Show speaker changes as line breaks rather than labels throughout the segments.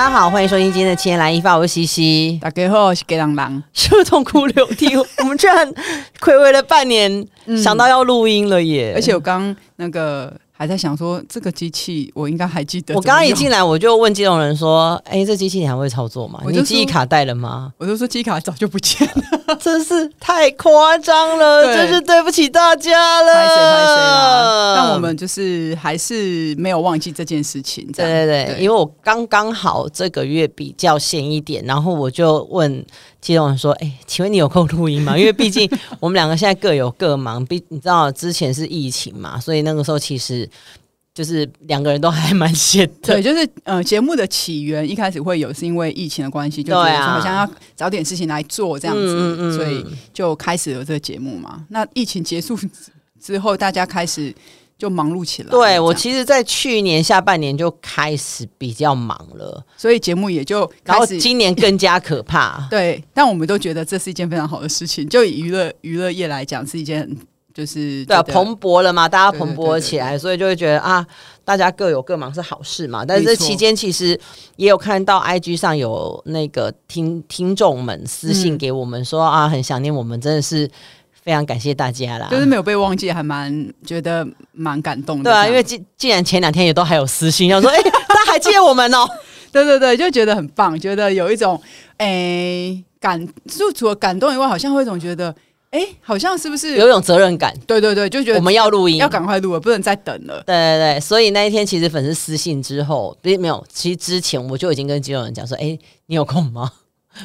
大、啊、家好，歡迎收聽今天的《千來一發》，我是西西。大家好，我是給朗朗，是不是痛哭流涕？我們居然睽違了半年，嗯、想到要錄音了耶！而且我
剛那個。還在想說這個機器我應該還記得。我剛剛一進來我
就問金融人說：“哎、欸，這機器你還會操作嗎？你記憶卡帶了嗎？”我就說記憶卡早就不見了、呃，真是太誇張了，真是對不起大家了。拍謝拍謝啦，但我們
就是還是沒有忘記這件事情。對對對，對
因為我剛剛好這個月比較閒一點，然後我就問。其實我說：“哎、欸，請問你有空錄音嗎？因為畢竟我們兩個現在各有各忙，畢 你知道之前是疫情嘛，所以那個時候其實就是兩個人都還蠻閒的。對，就是呃，節目的
起源一開始會有是因為疫情的關係，就對啊，好像要找點事情來做這樣子，啊、所以
就開始有這個節目嘛。
那疫情結束之後，大家開始。”就忙碌起來。對，來，我其
實在去年下半年就開始比較忙了，所以節目也就然後今年更加可怕。
對，但我們都覺得這是一件
非常好的事情。就以娛樂娛樂業來講，是一件就是對、啊、蓬勃了嘛，大家蓬勃起來，對對對對，所以就會覺得啊，大家各有各忙是好事嘛。但是這期間其實也有看到 IG 上有那個聽聽眾們私信給我們說、嗯、啊，很想念我們，真的是。非常感謝大家啦！就
是沒有被忘記，還蠻覺得蠻感動的，對啊，因為
既既然前兩天也都還有私信，要說哎、欸，他還記得我們哦、喔，
對對對，就覺得很棒，覺得有一種哎、欸、感，就除了感動以外，好像會總覺得哎、欸，好像是不是有一種責
任感？對對對，就覺得我們要錄音，要趕快錄，不能再等了。對對對，所以那一天其實粉絲私信之後，並沒有，其實之前我就已經跟工作人員講說，哎、欸，你有空嗎？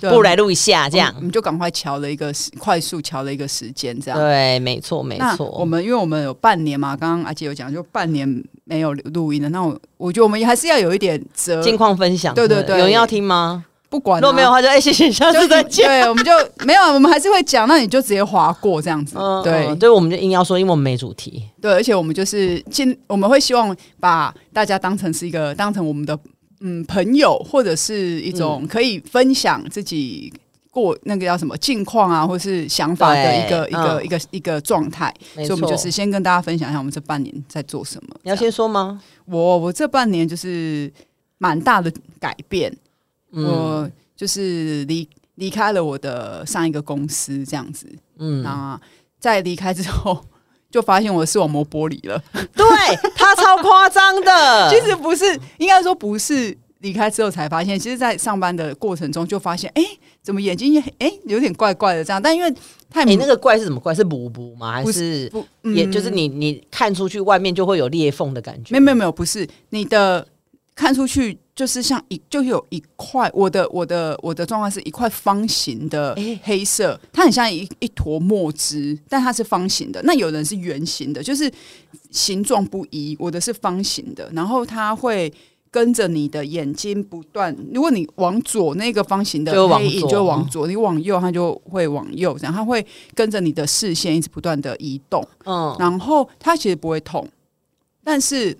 不如來錄一下，這樣、嗯、我們就趕快敲
了一個快速敲了一個時間，這樣對，
沒錯沒錯。我
們因為我們有半年嘛，剛剛阿杰有講，就半年沒有錄音了。那我我覺得我們還是要有一點折、近況分
享，對對對，有人要聽嗎？不管、啊，如果沒有的話就欸謝
謝下次再見。對，我們就沒有，我們還是會講。那你就直接劃過這樣子，嗯、對、嗯，
對，我們就硬要說，因為我們沒主題，
對，而且我們就是盡，我們會希望把大家當成是一個，當成我們的。嗯，朋友或者是一種可以分享自己過那個叫什麼近況啊、嗯，或是想法的一個一個、嗯、一個一個狀態。所以，我們就是先跟大家分享一下我們這半年在做什麼。你要先說嗎？我我這半年就是蠻大的改變，嗯、我就是離離開了我的上一個公司這樣子。嗯，在離開之後。就發現我的視網膜剝離了
對，對 他超誇誇張的。 其實
不是，應該說不是。離開之後才發現，其實，在上班的過程中就發現，哎、欸，怎麼眼睛也，哎、欸、有點怪怪的這樣。但因
為太你、欸、那個怪是什麼怪？是補補嗎不？還是不？也就是你你看出去外面就會有裂縫的感覺？嗯、沒有沒有沒有，不是你的看出去。就是像
一就有一塊，我的我的我的狀況是一塊方形的黑色，它很像一一坨墨汁，但它是方形的。那有人是圓形的，就是形狀不一。我的是方形的，然後它會跟着你的眼睛不斷，如果你往左，那個方形的就往左，就往左；你往右，它就會往右。這樣它會跟着你的視線一直不斷的移動。嗯，然後它其實不會痛，但是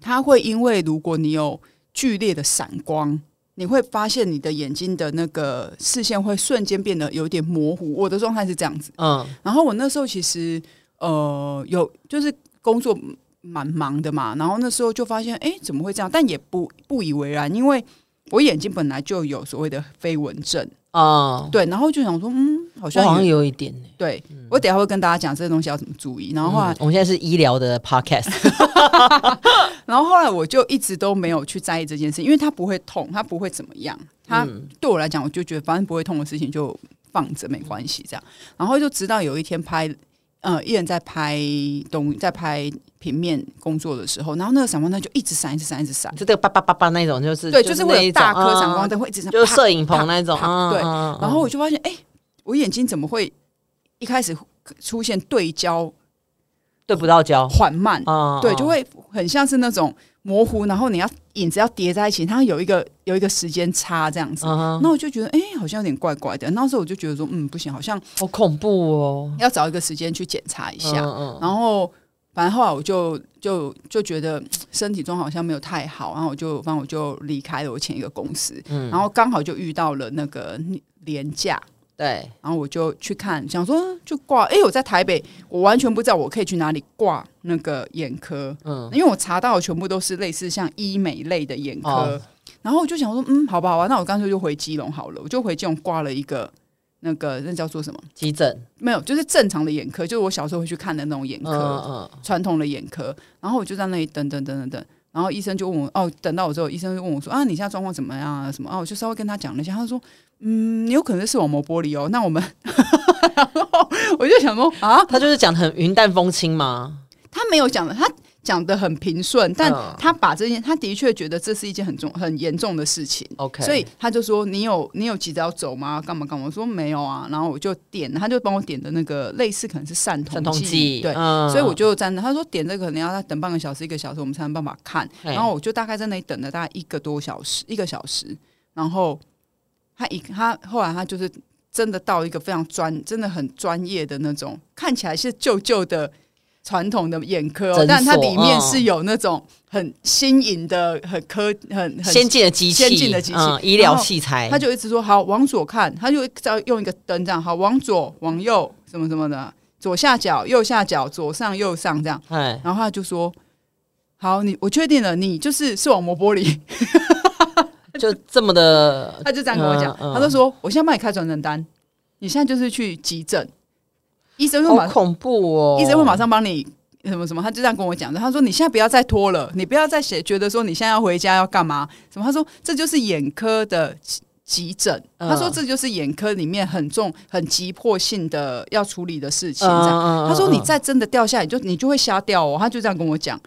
它會因為如果你有劇烈的閃光，你會發現你的眼睛的那個視線會瞬間變得有點模糊。我的狀態是這樣子，嗯，然後我那時候其實呃有就是工作蠻忙的嘛，然後那時候就發現，哎，怎麼會這樣？但也不不以為然，因為我眼睛本來就有所謂的飛蚊症啊、哦，對，然後就想說，嗯，
好像，好像有一點、
欸，對、嗯、我等一下會跟大家講這個東西要怎麼注意。然後話、嗯、我
們現在是醫療的 podcast。
然後後來我就一直都沒有去在意這件事，因為它不會痛，它不會怎麼樣。它對我來講，我就覺得反正不會痛的事情就放着沒關係，這樣。然後就直到有一天拍，呃，一人在拍東，在拍平面工作的時候，然後那個閃光燈就一直閃，一直閃，一直閃，一直閃就這個叭叭叭叭那種，就是對，就是那種大顆閃光燈會一直閃，就攝影棚那種。對、嗯嗯。然後我就發現，哎，我眼睛怎麼會一開始出現對焦？對不到焦緩、嗯、慢啊，對，就會很像是那種模糊，然後你要影子要疊在一起，它有一個有一個時間差這樣子、嗯，那我就覺得哎，好像有點怪怪的。那時候我就覺得說，嗯，不行，好像
好恐怖哦，
要找一個時間去檢查一下。然後反正後來我就就就，就覺得身體狀況好像沒有太好，然後我就反正我就離開了我前一個公司，然後剛好就遇到了那個年假。對，然後我就去看，想說就掛。哎、欸，我在台北，我完全不知道我可以去哪裡掛那個眼科。嗯，因為我查到全部都是類似像醫美類的眼科。哦、然後我就想說，嗯，好吧，好吧、啊，那我乾脆就回基隆好了。我就回基隆掛了一個那個那，叫做什麼急診？沒有，就是正常的眼科，就是我小時候會去看的那種眼科，傳、嗯嗯、統的眼科。然後我就在那裡等等等等等、等。然後醫生就問我，哦，等到我之後，醫生就問我說，啊，你現在狀況怎麼樣啊？什麼啊？我就稍微跟他講了一下，他說，嗯，你有可能是視網膜剝離哦。那我們，
然後我就想說，啊，他就是講很雲淡風輕嘛，
他沒有講的，他。講的很平順，但他把這件，他的確覺得這是一件很重、很嚴重的事情。OK，所以他就說：“你有你有急着要走嗎？幹嘛幹嘛？”我說：“沒有啊。”然後我就點，他就幫我點的那個類似可能是散瞳劑，散瞳劑，對、嗯，所以我就站着。他說：“點這個、可能要再等半個小時、一個小時，我們才能辦法看。嗯”然後我就大概在那裡等了大概一個多小時，一個小時。然後他一他後來他就是真的到一個非常專，真的很專業的那種，看起來是舊舊的。傳統的眼科，哦，但它裡面是有那種很新穎的、嗯、很科、很先進的機器，先進的機器，嗯、醫療器材。他就一直說：“好，往左看。”他就在用一個燈這樣，“好，往左，往右，什麼什麼的，左下角，右下角，左上，右上，這樣。哎！”然後他就說：“好，你我確定了，你就是視網膜剝離。
”就這麼的，他就這樣跟我講，他、嗯嗯、就說：“
我現在幫你開轉診單，你現在就是去急診。”
醫生會，恐
怖哦！醫生會馬上幫你什麼什麼，他就這樣跟我講的。他說：“你現在不要再拖了，你不要再寫，覺得說你現在要回家要幹嘛？什麼？他說這就是眼科的急急診。他說這就是眼科裡面很重、很急迫性的要處理的事情。這樣，他說你再真的掉下來，就你就會瞎掉哦。”他就這樣跟我講。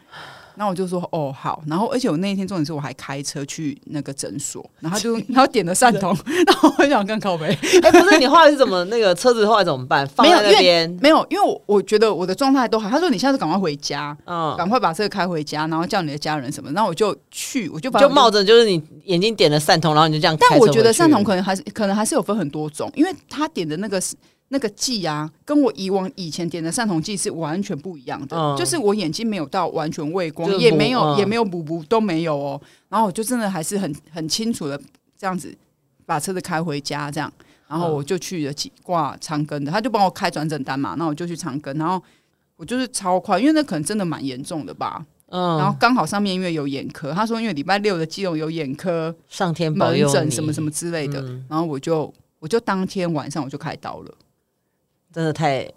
那我就說哦好，然後而且我那一天重點是我還開車去那個診所，然後就然後點了散瞳 對笑然後我很想跟告哎、欸、不是 你畫的是怎麼那個
車子畫怎麼辦？放在那邊?沒有因
為沒有，因為我,我覺得我的狀態都好。他說你現在趕快回家，嗯，趕快把車開回家，然後叫你的家人什麼。然後我就去，我就把就,就冒着就
是你眼睛點了散瞳然後你就這樣開車。但我覺得散瞳
可能還是可能還是有分很多種，因為他點的那個。那個劑啊，跟我以往以前點的散瞳劑是完全不一樣的，哦，就是我眼睛沒有到完全畏光，也沒有、哦、也沒有補補都沒有哦。然後我就真的還是很很清楚的，這樣子把車子開回家，這樣，然後我就去了掛長庚的，哦，他就幫我開轉診單嘛。那我就去長庚，然後我就是超快，因為那可能真的蠻嚴重的吧。嗯，然後剛好上面因為有眼科，他說因為禮拜六的肌肉有眼科上天門診什麼什麼之類的，嗯、然後我就我就當天晚上我就開刀了。
真的太，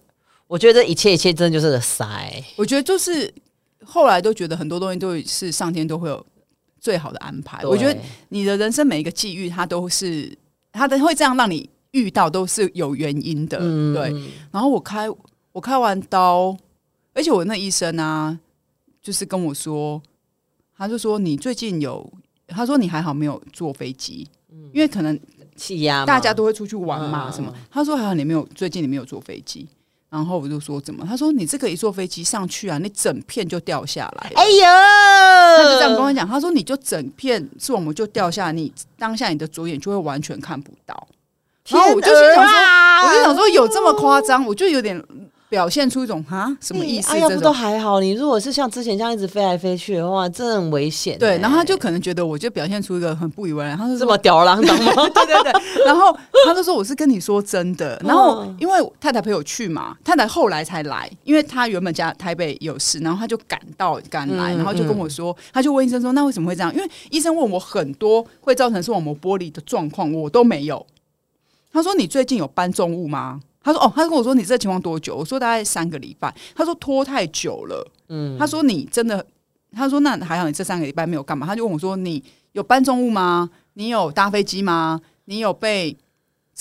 我覺得一切一切真的就是塞、欸。我
覺得就是後來都覺得很多東西都是上天都會有最好的安排。我覺得你的人生每一個際遇它，它都是它都會這樣讓你遇到，都是有原因的。嗯、對。然後我開我開完刀，而且我那醫生啊，就是跟我說，他就說你最近有，他說你還好沒有坐飛機，嗯、因為可能。大家都會出去玩嘛？什麼、嗯？他說：“好、啊、像你沒有最近你沒有坐飛機。”然後我就說：“怎麼？”他說：“你這個一坐飛機上去啊，你整片就掉下來。”哎呦！他就這樣跟我講：“他說你就整片是我們就掉下你，你、嗯、當下你的左眼就會完全看不到。啊”然後我就心想說：“我就想說有這麼誇張、嗯？”我就有點。表現出一種哈什麼意思？嗯、哎呀，不都
還好。你如果是像之前這樣一直飛來飛去的話，真的很危險、欸。對，然後他就可能覺得我就表現出一個
很不以為然，他說：‘這麼吊兒郎當 對，對對對。然後他就說我是跟你說真的、哦。然後因為太太陪我去嘛，太太後來才來，因為他原本家台北有事，然後他就趕到趕來嗯嗯，然後就跟我說，他就問醫生說那為什麼會這樣？因為醫生問我很多會造成視網膜剝離的狀況，我都沒有。他說你最近有搬重物嗎？他說：“哦，他跟我說你這情況多久？”我說：“大概三個禮拜。”他說：“拖太久了。”嗯，他說：“你真的？”他說：“那還好，你這三個禮拜沒有幹嘛？”他就問我說：“你有搬重物嗎？你有搭飛機嗎？你有被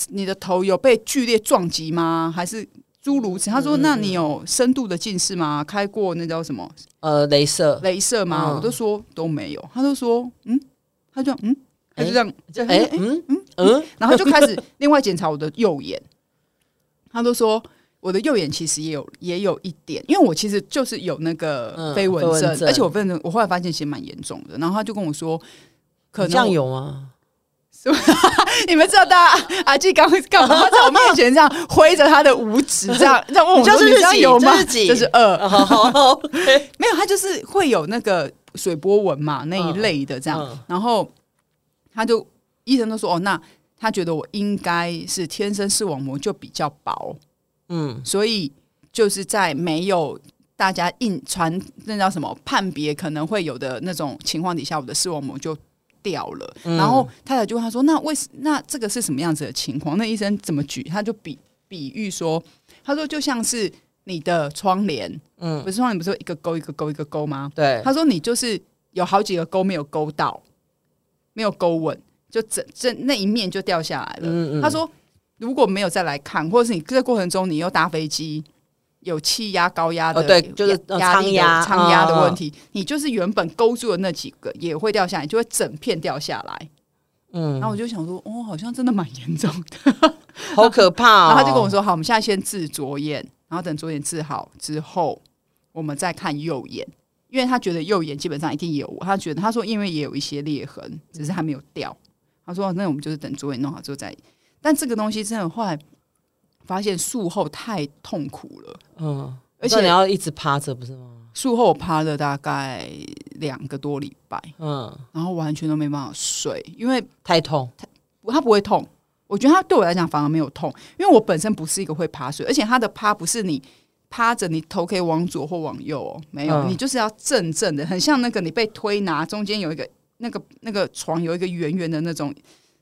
你的頭有被劇烈撞擊嗎？還是諸如此？”他說、嗯：“那你有深度的近視嗎？開過那叫什麼？呃，鐳射鐳射嗎？”我都說都沒有、嗯。他就說：“嗯。”他就：“嗯。”他就這樣：“誒、欸欸欸欸，嗯嗯嗯。嗯嗯”然後就開始另外檢查我的右眼。 他都說我的右眼其實也有也有一點，因為我其實就是有那個飛蚊症,、嗯、飛蚊症，而且我反正我後來發現其實蠻嚴重的。然後他就跟我說，可能這樣有嗎？ 你們知道大家，大、呃、阿、啊、記剛剛幹嘛在我面前這樣揮着他的五指這、呃，這樣在問我們，就是這樣有嗎？是就是
二，
呃、 沒有，他就是會有那個水波紋嘛那一類的這樣。嗯嗯、然後他就醫生都說哦，那。他覺得我應該是天生視網膜就比較薄，嗯，所以就是在沒有大家印傳那叫什麼判別，可能會有的那種情況底下，我的視網膜就掉了。嗯，然後太太就問他說：“那為什那這個是什麼樣子的情況？那醫生怎麼舉？”他就比比喻說：“他說就像是你的窗簾，嗯，不是窗簾，不是說一，一個勾一個勾一個勾嗎？對，他說你就是有好幾個勾沒有勾到，沒有勾穩。”就整整那一面就掉下來了，嗯嗯。他說：“如果沒有再來看，或者是你這個過程中你又搭飛機，有氣壓高壓的、哦，就是壓力倉壓的問題、哦，你就是原本勾住的那幾個也會掉下來，就會整片掉下來。”
嗯，然後我
就想說：“哦，好像真的蠻嚴重
的， 好可怕、哦。然”然後他就跟我
說：“好，我們現在先治左眼，然後等左眼治好之後，我們再看右眼，因為他覺得右眼基本上一定有。”他覺得他說：“因為也有一些裂痕，只是還沒有掉。嗯”他說：“那我們就是等座位弄好之後再。”但這個東西真的後來發現術後太痛苦
了。嗯，而且你要一直趴着，不是
嗎？術後我趴了大概兩個多禮拜。嗯，然後完全都沒辦法睡，因為太痛。他他不會痛，我覺得他對我來講反而沒有痛，因為我本身不是一個會趴睡，而且他的趴不是你趴着，你頭可以往左或往右、哦，沒有、嗯，你就是要正正的，很像那個你被推拿中間有一個。那個那個床有一個圓圓的那種、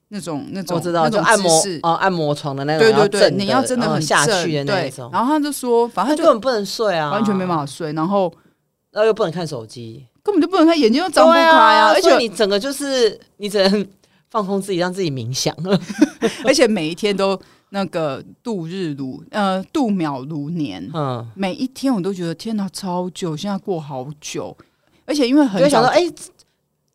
那種、那種，我知道，那種按摩哦、呃，按摩床的那個，對對對，要你要真的很、哦、很下去的那種。然後他就說，反正就那根本不能睡啊，完全沒辦法睡，然後
然、啊、又不能看手機，根本就不能看，眼睛又睜不開呀、啊啊。而且你整個就是，你只能放空自己，讓自己冥想， 而且每一天都那個度日如
呃度秒如年。嗯，每一天我都覺得天哪，超久，現在過
好久，
而且因為很想想說，哎、
欸。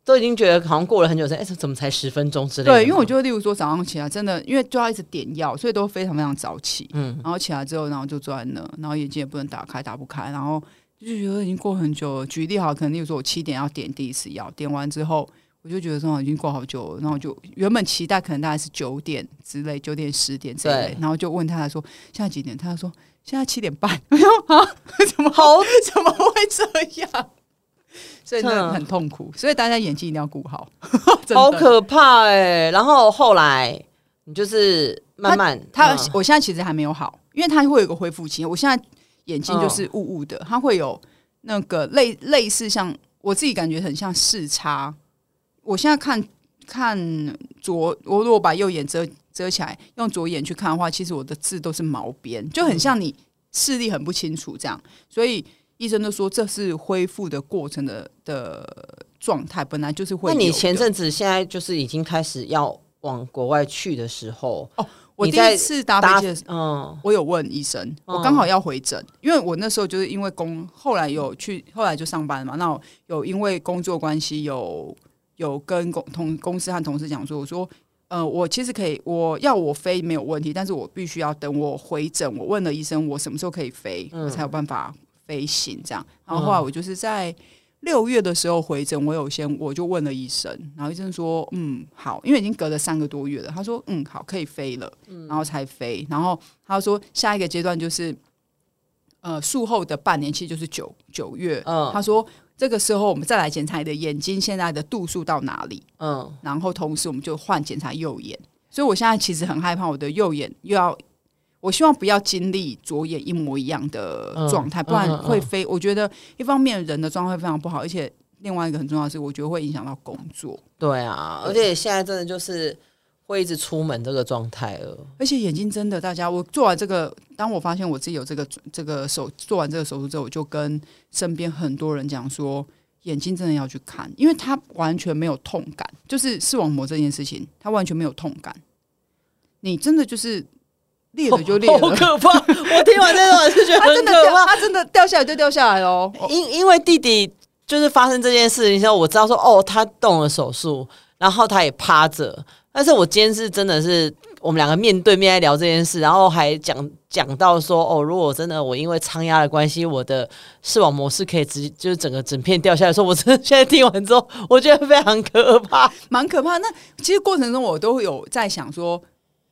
都已經覺得好像過了很久了，哎、欸，這怎麼才十分鐘之類的？對，因為我就
例如說早上起來，真的因為就要一直點藥，所以都非常非常早起。嗯，然後起來之後，然後就坐那，然後眼睛也不能打開，打不開，然後就覺得已經過很久了。舉例好，可能例如說我七點要點第一次藥，點完之後，我就覺得說已經過好久了。然後就原本期待可能大概是九點之類，九點十點之類，對然後就問他來說，說現在幾點？他說現在七點半。哎呀啊，怎麼好？怎麼會這樣？所以那很痛苦，所以大家眼睛一定要顧好。嗯，好可
怕哎、欸！然後後來你就是慢慢，他、他、嗯、我現在其實還沒有好，
因為他會有一個恢復期。我現在眼睛就是霧霧的、嗯，他會有那個類類似像我自己感覺很像視差。我現在看看左，我如果把右眼遮遮起來，用左眼去看的話，其實我的字都是毛邊，就很像你視力很不清楚這樣。所以。醫生都說這是恢復的過程的的狀態，本來就是會有有。那你前陣
子現在就是已經開始要往國
外去的時候哦，我第一次搭飛機，嗯，我有問醫生，我剛好要回診，嗯，因為我那時候就是因為工，後來有去，後來就上班嘛，那我有因為工作關係，有有跟公同，同公司和同事講說，我說，呃，我其實可以，我要我飛沒有問題，但是我必須要等我回診，我問了醫生，我什麼時候可以飛，我才有辦法。嗯。飛行這樣，然後後來我就是在六月的時候回診，我有先我就問了醫生，然後醫生說嗯好，因為已經隔了三個多月了，他說嗯好可以飛了，然後才飛，然後他說下一個階段就是呃術後的半年期就是九九月，嗯，他說這個時候我們再來檢查你的眼睛現在的度數到哪裡，嗯，然後同時我們就換檢查右眼，所以我現在其實很害怕我的右眼又要。我希望不要經歷左眼一模一樣的狀態，嗯，不然會飛。嗯嗯嗯，我覺得一方面人的狀態非常不好，而且另外一個很重要的是，我覺得會影響到工作。
對啊，而且現在真的就是會一直出門這個狀態了。
而且眼睛真的，大家我做完這個，當我發現我自己有這個這個手做完這個手術之後，我就跟身邊很多人講說，眼睛真的要去看，因為它完全沒有痛感，就是視網膜這件事情，它完全沒有痛感。你真的就是。裂了就裂。哦，好可怕！ 我聽完這段，還是覺得真的可怕，他
真的掉下來就掉下來哦。因因為弟弟就是發生這件事，你知道，我知道說哦，他動了手術，然後他也趴着。但是，我今天是真的是我們兩個面對面在聊這件事，然後還講講到說哦，如果真的我因為倉壓的關係，我的視網膜是可以直接就是整個整片掉下來。說，我真的現在聽完之後，我覺得非常可怕，蠻可怕。那
其實過程中我都有在想說。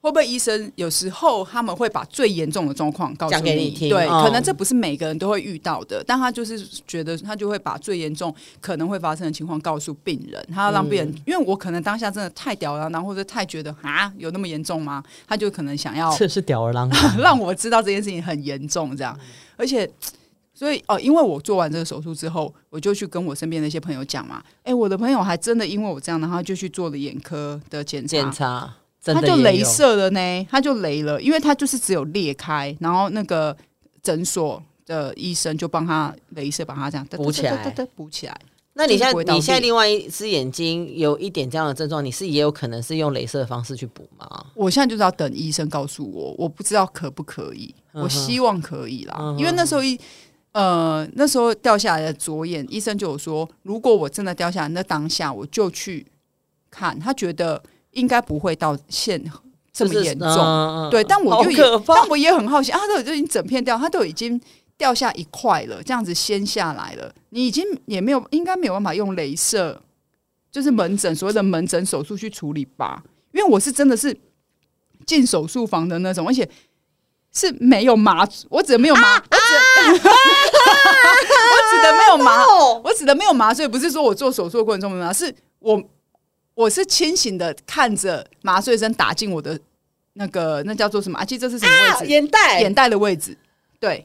會不會醫生有時候他們會把最嚴重的狀況講給你聽？對，哦、可能這不是每個人都會遇到的，但他就是覺得他就會把最嚴重可能會發生的情況告訴病人，他要讓病人，嗯、因為我可能當下真的太吊兒郎當，或者太覺得啊，有那麼嚴重嗎？他就可能想要這是吊兒郎當， 讓我知道這件事情很嚴重，這樣。而且，所以哦，因為我做完這個手術之後，我就去跟我身邊的一些朋友講嘛，哎、欸，我的朋友還真的因為我這樣，然後就去做了眼科的檢查、檢查。他就雷射了呢，他就雷了，因為他就是只有裂開，然後那個診所的醫生就幫他雷射，把他這樣補起來，補起來。那你現在，你現在另
外一隻眼睛有一點這樣的症狀，你是也有可能是用雷射的方式去補嗎？
我現在就是要等醫生告訴我，我不知道可不可以，我希望可以啦。因為那時候一呃，那時候掉下來的左眼，醫生就有說，如果我真的掉下來，那當下我就去看，他覺得。應該不會到現這麼嚴重。啊，對，但我就但我也很好奇，他、啊、都已經整片掉，它都已經掉下一塊了，這樣子掀下來了，你已經也沒有，應該沒有辦法用鐳射，就是門診所謂的門診手術去處理吧，因為我是真的是進手術房的那種，而且是沒有麻，我只能沒有麻，啊、我只能、啊 啊、 沒有麻，啊、我只能沒有麻醉，啊麻啊、不是說我做手術過程中沒麻，是我。我是清醒的看着，麻醉針打進我的那個那叫做什麼？啊，記這是什麼位置？啊？眼袋，眼袋的位置。對，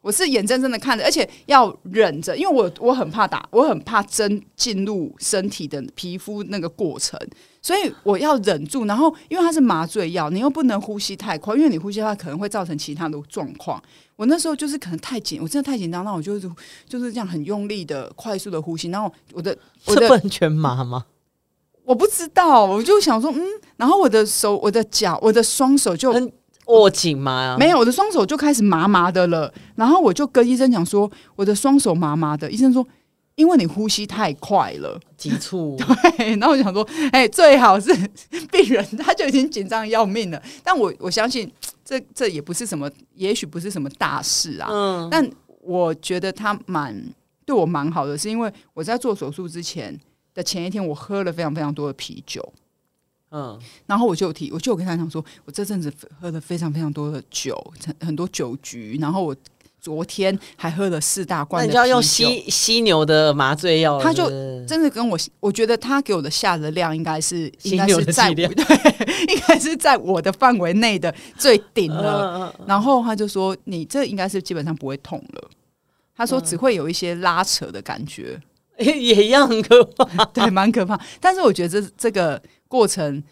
我是眼睜睜的看着，而且要忍着，因為我我很怕打，我很怕針進入身體的皮膚那個過程，所以我要忍住。然後因為它是麻醉藥，你又不能呼吸太快，因為你呼吸的話可能會造成其他的狀況。我那時候就是可能太緊，我真的太緊張，那我就是就是這樣很用力的快速的呼吸，然後我的我的不完
全麻嗎？
我不知道，我就想說，嗯，然後我的手、我的腳、我的雙手就
握緊嗎、啊嗯？沒有，
我的雙手就開始麻麻的了。然後我就跟醫生講說，我的雙手麻麻的。醫生說，因為你呼吸太快了，
急促。
對，然後我想說，哎、欸，最好是病人他就已經緊張要命了。但我我相信，這這也不是什麼，也許不是什麼大事啊。嗯，但我覺得他蠻對我蠻好的，是因為我在做手術之前。的前一天，我喝了非常非常多的啤酒，嗯，然後我就提，我就跟他講說，我這陣子喝了非常非常多的酒，很多酒局，然後我昨天還喝了四大罐。那你就要用犀
犀牛的麻醉藥？他就真
的跟我，我覺得他給我的下的量應該是的量應該是在
對，
應該是在我的範圍內的最頂了。嗯。然後他就說：“你這應該是基本上不會痛了。”他說：“只會有一些拉扯的感覺。”也一樣很可怕，對，蠻可怕。但是我覺得這這個過程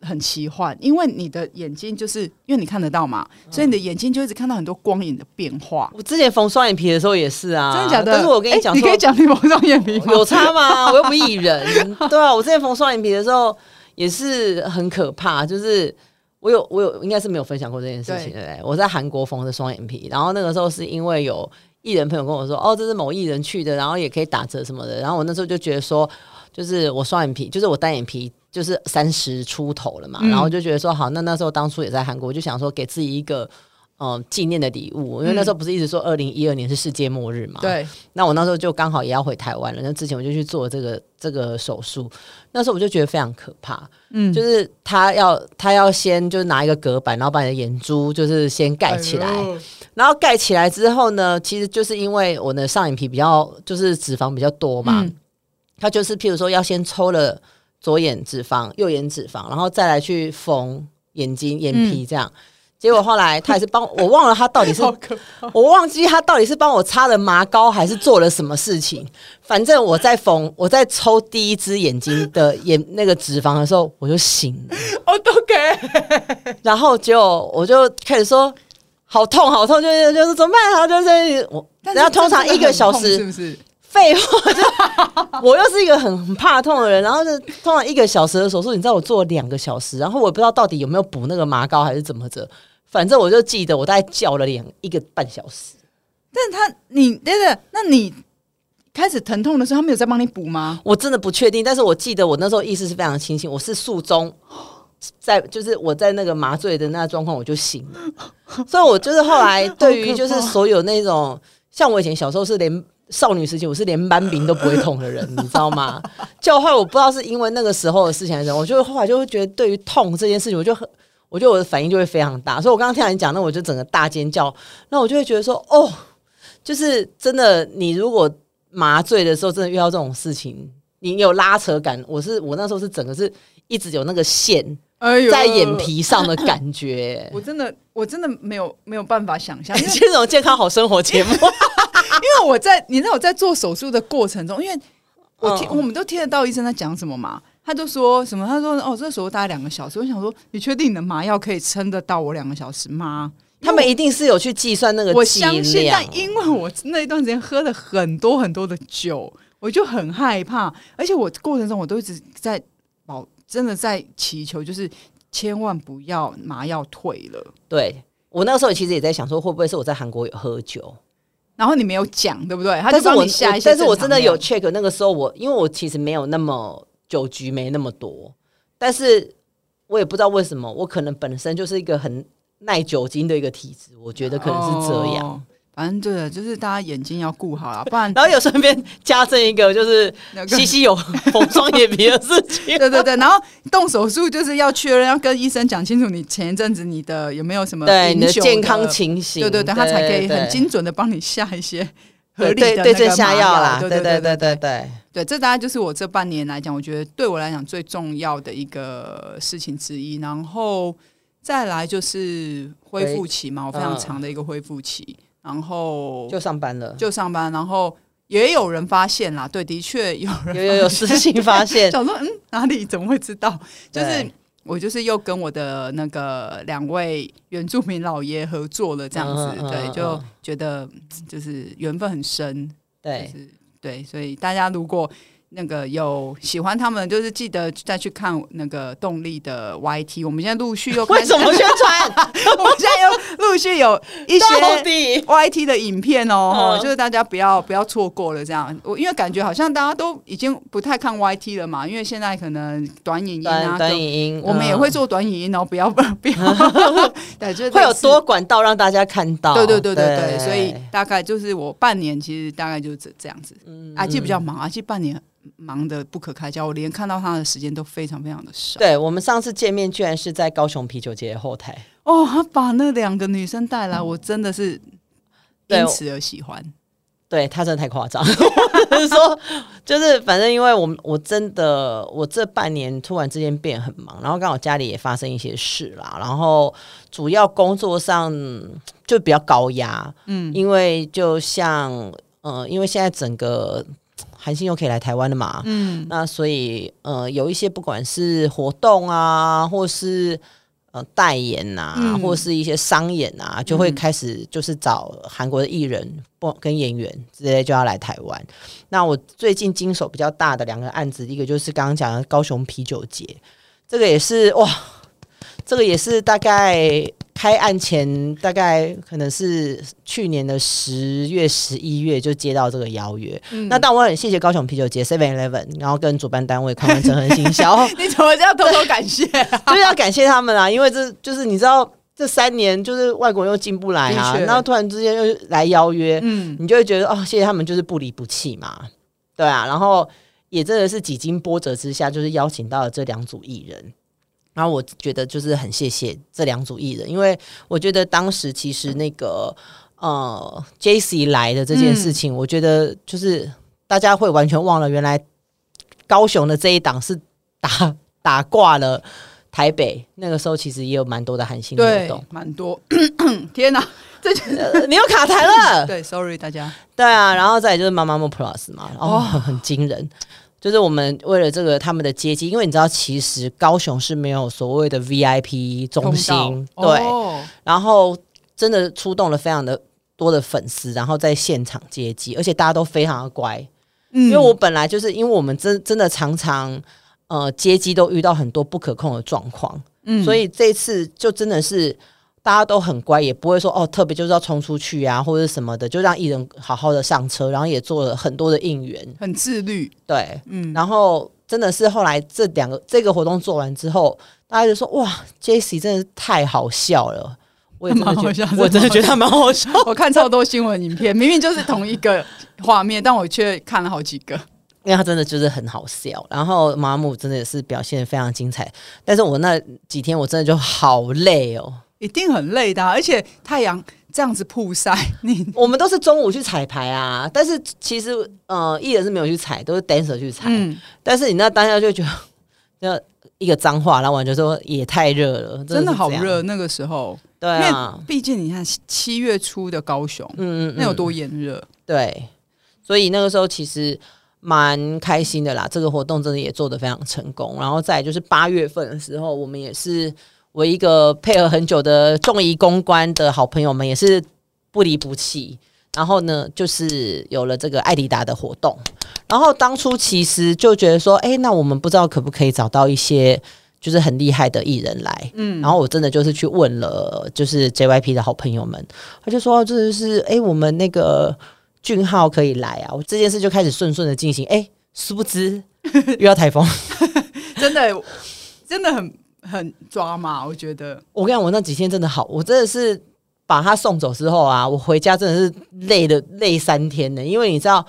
很奇幻，因為你的眼睛就是因為你看得到嘛，嗯、所以你的眼睛就一直看到很多光影的變化。
我之前縫雙眼皮的時候也是啊。真的假的？但是我跟你講、欸，你可以講你縫雙眼皮嗎？哦、有差嗎？我又不藝人， 對啊。我之前縫雙眼皮的時候也是很可怕，就是我有我有應該是沒有分享過這件事情。對，我在韓國縫的雙眼皮，然後那個時候是因為有。藝人朋友跟我說：“哦，這是某藝人去的，然後也可以打折什麼的。”然後我那時候就覺得說，就是我雙眼皮，就是我單眼皮，就是三十出頭了嘛、嗯，然後就覺得說，好，那那時候當初也在韓國，我就想說給自己一個。哦、呃，紀念的禮物，因為那時候不是一直說二零一二年是世界末日嘛、嗯？對。那我那時候就剛好也要回台灣了，那之前我就去做這個這個手術，那時候我就覺得非常可怕。嗯，就是他要他要先就是拿一個隔板，然後把你的眼珠就是先蓋起來，哎、然後蓋起來之後呢，其實就是因為我的上眼皮比較就是脂肪比較多嘛、嗯，他就是譬如說要先抽了左眼脂肪、右眼脂肪，然後再來去縫眼睛、眼皮這樣。嗯結果後來他還是幫我，我忘了他到底是，我忘記他到底是幫我擦了麻膏還是做了什麼事情。反正我在縫、我在抽第一隻眼睛的眼那個脂肪的時候，我就醒了。我都，然後就我就開始說好痛好痛，就是就是怎麼辦？然後就是我，然後通常一個小時是不是？廢話，就我又是一個很很怕痛的人，然後就痛了一個小時的手術。你知道我做了兩個小時，然後我不知道到底有沒有補那個麻膏還是怎麼着，反正我就記得我大概叫了兩一個半小時。但是他，你那個，那你
開始疼痛的時候，他沒有在幫你補嗎？
我真的不確定。但是我記得我那時候意識是非常清醒，我是術中在，就是我在那個麻醉的那個狀況我就醒了， 所以我就是後來對於就是所有那種， 像我以前小時候是連。少女時期，我是連斑比都不會痛的人， 你知道嗎？教壞我不知道是因為那個時候的事情，還是什麼，我就後來就會覺得，對於痛這件事情，我就很，我覺得我的反應就會非常大。所以，我剛剛聽完你講，那我就整個大尖叫。那我就會覺得說，哦，就是真的。你如果麻醉的時候，真的遇到這種事情，你有拉扯感，我是我那時候是整個是一直有那個線在眼皮上的感覺。哎、我
真的，我真的沒有沒有辦法想象。你這
種健康好生活節目。
那我在你知道我在做手術的過程中，因為我聽、嗯、我們都聽得到醫生在講什麼嘛，他就說什麼，他說哦，這時候大概兩個小時，我想說，你確定你的麻藥可以撐得到我兩個小時嗎？
他們一定是有去計算那個我，我相信。但
因為我那一段時間喝了很多很多的酒，我就很害怕，而且我過程中我都一直在保，真的在祈求，就是千萬不要麻藥退了。對，我
那個時候其實也在想說會不會是我在韓國有喝酒？
然後你沒有講，對不對？他就幫你下一些。但是我，我但是我真的有 check，
那個時候我，因為我其實沒有那麼酒局沒那麼多，但是我也不知道為什麼，我可能本身就是一個很耐酒精的一個體質，我覺得可能是這樣。哦反正對的，就是大家眼睛要顧好了，不然。然後有順便加深一個，就是西西有縫雙眼皮的事情。 對
對對，然後動手術就是要確認，要跟醫生講清楚你前一陣子你的有沒有什麼的對你的健康情形，對對，對，對，對，對，對，對，對他才可以很精準的幫你下一些合理的個對症下藥啦。對對對對對，對，這大概就是我這半年來講，我覺得對我來講最重要的一個事情之一。然後再來就是恢復期嘛，我非常長的一個恢復期。然後就上班了，就上班，然後也有人發現啦，對，的確有人也有有私訊發現， 想說嗯哪裡怎麼會知道？就是我就是又跟我的那個兩位原住民老爺合作了，這樣子，嗯、對、嗯，就覺得就是緣分很深，對、就是，對，所以大家如果那個有喜歡他們，就是記得再去看那個動力的 YT，我們現在陸續又為什麼宣傳， 我們現在又。陸續有一些 YT 的影片哦、喔，嗯、就是大家不要不要錯過了這樣。我因為感覺好像大家都已經不太看 YT 了嘛，因為現在可能短影音啊，短，短影音，我們也會做短影音哦、喔嗯，不要不要，對，就會有多
管道讓大家看到。對對對對對，對所以
大概就是我半年其實大概就這這樣子。阿、嗯、紀、啊、比較忙，阿、啊、這半年。忙得不可開交，我連看到他的時間都非常非常的
少。對，我們上次見面，居然是在高雄啤酒節後台。
哦，他把那兩個女生帶來，嗯、我真的是因此而喜歡。
對，他真的太誇張，我說，就是反正因為我們我真的我這半年突然之間變很忙，然後剛好家裡也發生一些事啦，然後主要工作上就比較高壓。嗯，因為就像嗯、呃，因為現在整個，韓星又可以來台灣的嘛？嗯，那所以呃，有一些不管是活動啊，或是呃代言啊，或是一些商演啊，嗯、就會開始就是找韓國的藝人不跟演員之類，就要來台灣。那我最近經手比較大的兩個案子，一個就是剛剛講的高雄啤酒節，這個也是哇，這個也是大概。開案前大概可能是去年的十月十一月，就接到這個邀約、嗯,那但我很謝謝高雄啤酒節 Seven Eleven，然後跟主辦單位看完整合行銷。你怎麼要偷偷感謝？啊？就是要感謝他們啊！因為這就是你知道這三年就是外國又進不來啊，然後突然之間又來邀約，嗯，你就會覺得哦，謝謝他們就是不離不棄嘛，對啊，然後也真的是幾經波折之下，就是邀請到了這兩組藝人。然後我覺得就是很謝謝這兩組藝人，因為我覺得當時其實那個呃 JC 來的這件事情、嗯，我覺得就是大家會完全忘了原來高雄的這一檔是打打掛了台北。那個時候其實也有蠻多的韓星活動，
蠻多咳咳。天哪，這就、呃、你又卡台了。 對，Sorry，大家。
對啊，然後再也就是 MAMAMOO Plus 嘛，哦，很驚人。哦就是我們為了這個他們的接機，因為你知道，其實高雄是沒有所謂的 VIP 中心，oh. 對。然後真的出動了非常的多的粉絲，然後在現場接機，而且大家都非常的乖。嗯、因為我本來就是，因為我們真真的常常呃接機都遇到很多不可控的狀況，嗯，所以這次就真的是。大家都很乖，也不會說哦，特別就是要衝出去啊，或者什麼的，就讓藝人好好的上車，然後也做了很多的應援，很自律，對，嗯，然後真的是後來這兩個這個活動做完之後，大家就說哇 JC 真的是太好笑了，我也蠻好笑，我真的覺得他蠻好笑，好笑，我好笑，我看超多新聞影片，明明就是同一個畫面， 但我卻
看了好幾個，
因為他真的就是很好笑，然後馬木真的也是表現得非常精彩，但是我那幾天我真的就好累哦。一定很累的啊，而且
太陽這樣子曝曬，
你我們都是中午去彩排啊。但是其實，呃，藝人是沒有去彩，都是 dancer 去彩。嗯，但是你那當下就覺得，那一個髒話，然後我就說也太熱了，真的好熱
那個時候。對啊，畢竟你看七月初的高雄，嗯，那有多炎熱，嗯嗯。
對，所以那個時候其實蠻開心的啦。這個活動真的也做得非常成功。然後再就是八月份的時候，我們也是。我一個配合很久的綜藝公關的好朋友們也是不離不棄，然後呢，就是有了這個愛迪達的活動，然後當初其實就覺得說，哎、欸，那我們不知道可不可以找到一些就是很厲害的藝人來，嗯，然後我真的就是去問了，就是 JYP 的好朋友們，他就說，啊、這就是哎、欸，我們那個俊昊可以來啊，我這件事就開始順順的進行，哎、欸，殊不知遇到台風，
真的真的很。很抓馬，我覺得。我跟
你講，我那幾天真的好，我真的是把他送走之後啊，我回家真的是累的累三天的，因為你知道，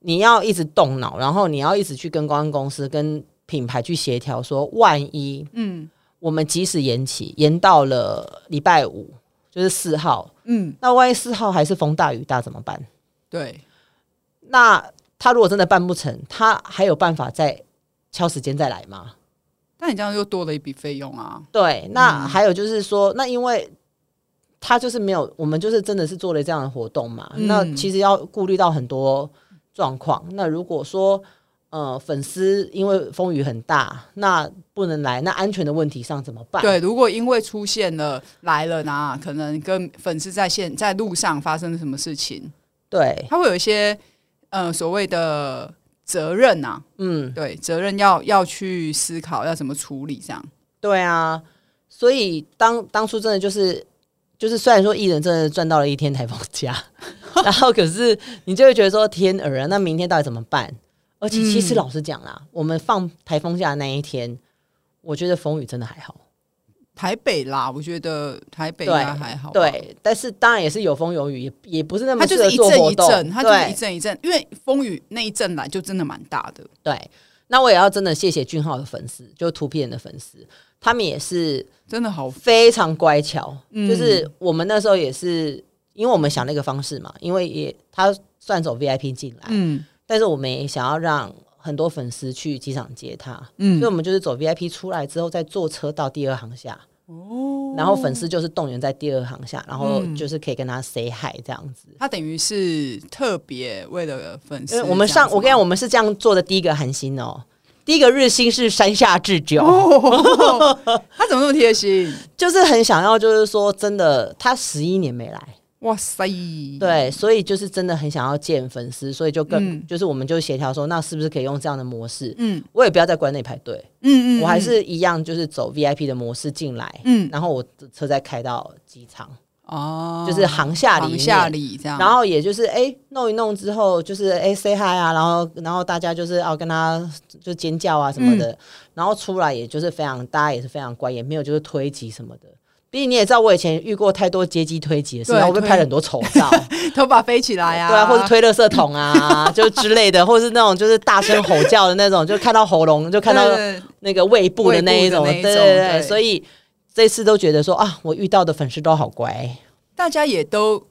你要一直動腦，然後你要一直去跟公關公司、跟品牌去協調說，說萬一，嗯，我們即使延期，延到了禮拜五，就是四號，嗯，那萬一四號還是風大雨大怎麼辦？對。那他如果真的辦不成，他還有辦法再敲時間再來嗎？
那你這樣又多了一筆費用啊！
對，那還有就是說、嗯，那因為他就是沒有，我們就是真的是做了這樣的活動嘛。嗯、那其實要顧慮到很多狀況。那如果說，呃，粉絲因為風雨很大，那不能來，那安全的問題上怎麼辦？對，如果因為出現了來了呢，可能跟
粉絲在線在路上發生了什麼事情，
對，他會有一些呃所謂
的。責任吶、啊，嗯，對，責任要要去思考要怎麼處
理這樣。對啊，所以當當初真的就是就是，雖然說藝人真的賺到了一天颱風假， 然後可是你就會覺得說天兒啊，那明天到底怎麼辦？而且其實老實講啦、嗯，我們放颱風假的那一天，我覺得風雨真的還好。台北啦，我覺得台北還還好吧。對，對，但是當然也是有風有雨，也不是那麼。它就是一陣一陣，它就是一陣一陣，因為風雨那一陣來就真的蠻大的。對，那我也要真的謝謝俊昊的粉絲，就圖片的粉絲，他們也是真的好非常乖巧，就是我們那時候也是，因為我們想那個方式嘛，因為也他算走 VIP 進來，嗯，但是我們也想要讓。很多粉絲去機場接他，嗯，所以我們就是走 VIP 出來之後，再坐車到第二航廈。哦，然後粉絲就是動員在第二航廈，然後就是可以跟他 say hi 這樣子。
嗯、他等於是特別為了粉絲、嗯，我們上我跟你
講，我們是這樣做的第一個韓星哦、喔，第一個日星是山下智久哦哦哦哦。他怎麼那麼貼心？ 就是很想要，就是說真的，他十一年沒來。哇塞！對，所以就是真的很想要見粉絲，所以就跟、嗯、就是我們就協調說，那是不是可以用這樣的模式？嗯，我也不要在關內排隊，嗯嗯，我還是一樣就是走 VIP 的模式進來，嗯，然後我車再開到機場，哦，就是航廈裡航廈裡這樣，然後也就是哎、欸、弄一弄之後，就是哎、欸、say hi 啊，然後然後大家就是要、啊、跟他就尖叫啊什麼的，嗯、然後出來也就是非常大家也是非常乖，也沒有就是推擠什麼的。因為你也知道，我以前遇過太多接機推擠的事，我被拍了很多醜照，
頭髮飛起來啊，對啊，或者推
垃圾桶啊， 就之類的，或者是那種就是大聲吼叫的那種， 就看到喉嚨，就看到那個胃部的那一種，對對對。所以這次都覺得說啊，我遇到的粉絲都好乖，
大家也都。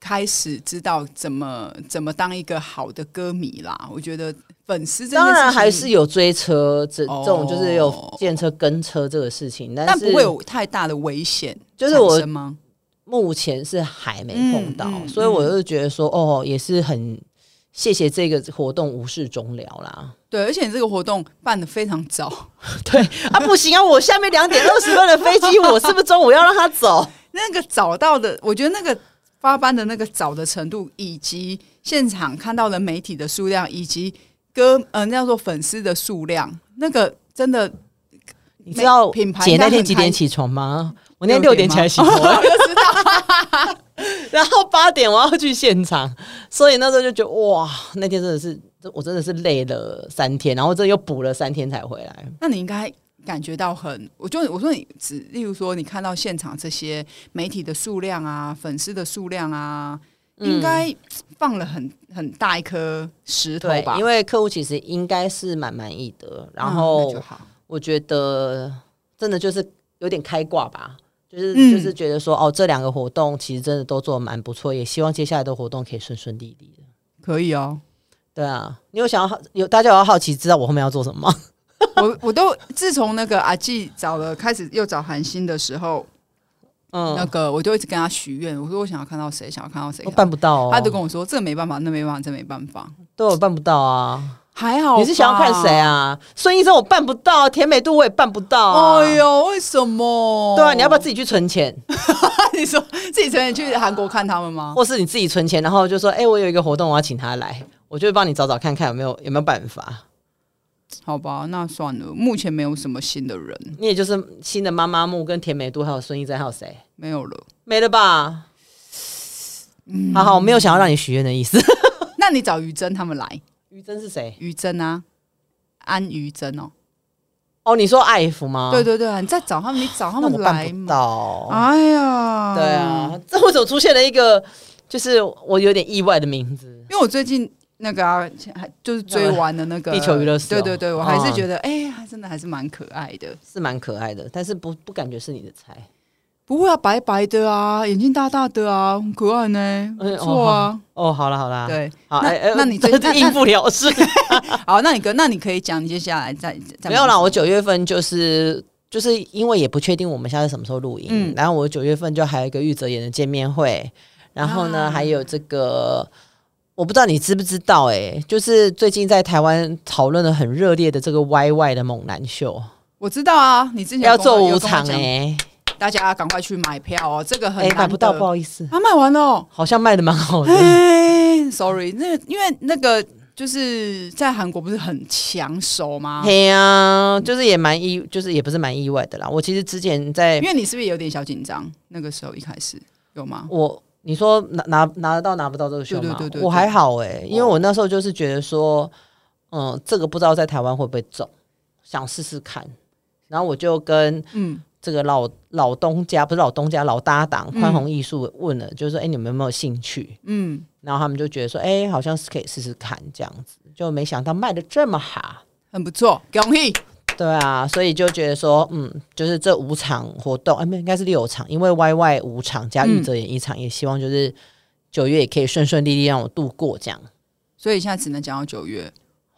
開始知道怎麼怎麼當一個好的歌迷啦，我覺得粉絲當然還是有追
車這、哦、這種，就是有見車跟車這個事情，但，是但不會有
太大的危險。就是我
目前是還沒碰到，嗯嗯，所以我就覺得說，哦，也是很謝謝這個活動無事終了啦。
對，而且這個活動辦得非常早。
對啊，不行啊，我下面兩點二十分的飛機， 我是不是中午要讓他走？
那個找到的，我覺得那個。發班的那個早的程度，以及現場看到的媒體的數量，以及歌呃那叫做粉絲的數量，那個真的，品牌，
你知道姐那天幾點起床嗎？我那天六點起來洗頭，哦、 然後八點我要去現場，所以那時候就覺得哇，那天真的是，我真的是累了三天，然後這又補了三天才回來。
那你應該。感覺到很，我就我說你只例如說，你看到現場這些媒體的數量啊，粉
絲的數量啊，嗯、應該
放了很很大一顆石頭吧？對，因為
客戶其實應該是蠻滿意的。然後我覺得真的就是有點開掛吧、
嗯就，就是就是
覺得說，哦，這兩個活動其實真的都做得蠻不錯，也希望接下來的活動可以順順利利的。可以啊、哦，對啊，你有想要有大家有要好奇知道我後面要做什麼嗎？
我我都自從那個阿季找了開始又找韓星的時候，嗯，那個我就一直跟他許願，我說我想要看到誰，想要看到誰，我辦
不到、哦，他就跟
我說 這個沒辦法，那沒辦法，這個、沒辦法，
對我辦不到啊。還好你是想要看誰啊？孫醫生我辦不到、啊，田美度我也辦不到、啊。哎呦，為什麼？對啊，你要不要自己去存錢？ 你說自己存錢去
韓國看他們嗎、啊？或是你
自己存錢，然後就說，哎、欸，我有一個活動，我要請他來，我就會幫你找找看看有沒有有沒有辦法。好吧，那算了。目前沒有什麼新的人，你也就是新的媽媽木跟田美都，還有孫藝珍，還有誰？沒有了，沒了吧？嗯、好好，我沒有想要讓你許願的意思。 那你找於真他們來？
於真是誰？於真啊，安於真哦。
哦，你說 IVE 嗎？對對
對，你在找他們，你找他們來嘛，
我辦不到。
哎呀，對啊，
這或者出現了一個就是我有點意外的名字，
因為我最近。那個啊，還就是追完的那個地球娛樂室對對對，我還是覺
得哎、欸，真的還是蠻可愛的，是蠻可愛的，但是不不感覺是你的菜，
不會啊，白白的啊，眼睛大大的啊，很可愛呢，沒錯啊，哦，好了好了，
對，好，好好好好哎呃、那那你應付 不了
事 好，那你哥，那你可以講，接下來再，沒有了，我
九月份就是就是因為也不確定我們下次什麼時候錄音，嗯、然後我九月份就還有一個玉澤演的見面會，然後呢、啊、還有這個。我不知道你知不知道、欸，哎，就是最近在台灣討論的很熱烈的這個 Y Y 的猛男秀，
我知道啊，你之前要做五場哎，大家趕快去買票哦、喔，這個很哎買不到，不好意思，
他、啊、賣完了，好像賣的蠻好的。
哎，sorry，那因為那個就是在韓國不是很搶手嗎？哎呀、啊，
就是也蠻意，就是也不是蠻意外的啦。我其實之前在，因為
你是不是有點小緊張？那個時候一開始有嗎？
我。你說拿拿拿得到，拿不到這個秀嗎？對對對，我還好誒、欸，因為我那時候就是覺得說，哦、嗯，這個不知道在台灣會不會中，想試試看。然後我就跟嗯這個老、嗯、老東家不是老東家老搭檔寬宏藝術問了、嗯，就是說誒、欸，你們有沒有興趣？嗯，然後他們就覺得說誒、欸，好像是可以試試看這樣子，就沒想到賣得這麼好，很不錯，恭喜！對啊，所以就覺得說，嗯，就是這五場活動，哎，不應該是六場，因為 YY 五場加玉澤演一場、嗯，也希望就是九月也可以順順利利讓我度過這樣，
所以現在只能講到九月。.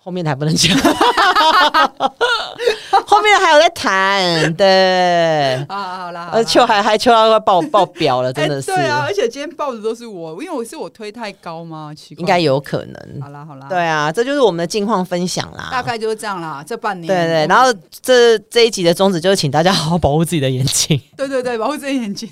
後面還不能講 後面還有在談，對， 啊，好啦、啊啊啊、而且還秋還秋要爆爆表了，真的是、欸，對啊，而且今
天報的都是我，因為我是我推太高嘛，奇怪，應該有
可能，好啦好啦，對啊，這就是我們的近況分享啦，
大概就是這樣啦，這半年，對對、對，然後
這這一集的宗旨就是請大家好好保護自己的眼睛，
對對對，保護自己的眼睛。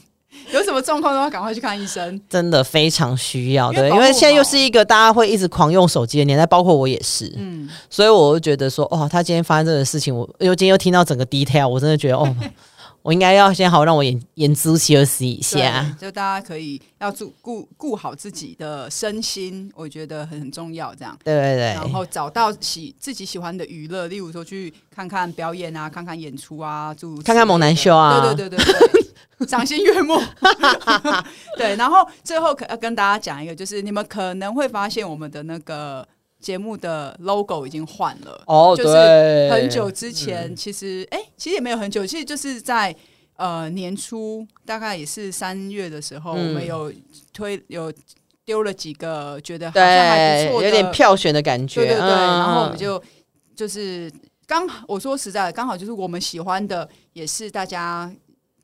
有什麼狀況的話，趕快去看醫生，
真的非常需要。對，因為，因為現在又是一個大家會一直狂用手機的年代，包括我也是。嗯，所以我就覺得說，哦，他今天發生這個事情，我又今天又聽到整個 detail，我真的覺得，哦。 我應該要先好，好讓我眼，眼睛休息一下對，
就大家可以要顧顧顧好自己的身心，我覺得很重要。這樣對對對，然後找到喜自己喜歡的娛樂，例如說去看看表演啊，看看演出啊，看看《
猛男秀》啊，對對對
對賞 心悅悅目。 對，然後最後可要跟大家講一個，就是你們可能會發現我們的那個。節目的 logo 已經換了，哦、oh，就是很久之前，其實，哎、欸，其實也沒有很久，其實就是在呃年初，大概也是三月的時候，嗯、我們有推有丟了幾個，覺得好像還不錯，有點票選的感覺，對對對、嗯，然後我們就就是剛好，我說實在的，剛好就是我們喜歡的，也是大家。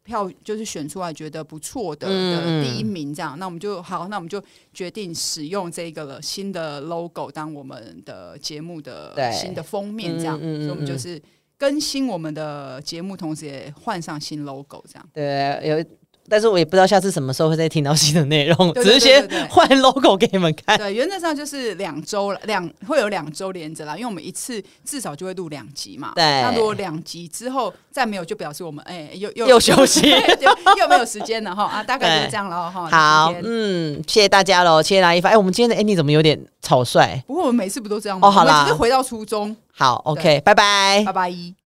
票就是選出來覺得不錯的，的第一名，這樣，嗯，那我們就好，那我們就決定使用這個了新的 logo，當我們的節目的新的封面，這樣，嗯嗯嗯，所以我們就是更新我們的節目，同時也換上新 logo，這樣，
對，有。但是我也不知道下次什麼時候會再聽到新的內容。對對對對對對，只是先換 logo 給你們看。
對，原則上就是兩周了，兩會有兩周連着啦，因為我們一次至少就會錄兩集嘛。對，那如果兩集之後再沒有，就表示我們哎、欸，又又又休息、欸，又沒有時間了哈。 啊，大概就是這樣了哈。好，嗯，
謝謝大家嘍，謝謝阿一發。哎、欸，我們今天的 Andy、欸欸、怎麼有點草率？
不過我們每次不都這樣嗎哦？好啦，我們回到初衷。
好，OK，拜拜，
拜拜。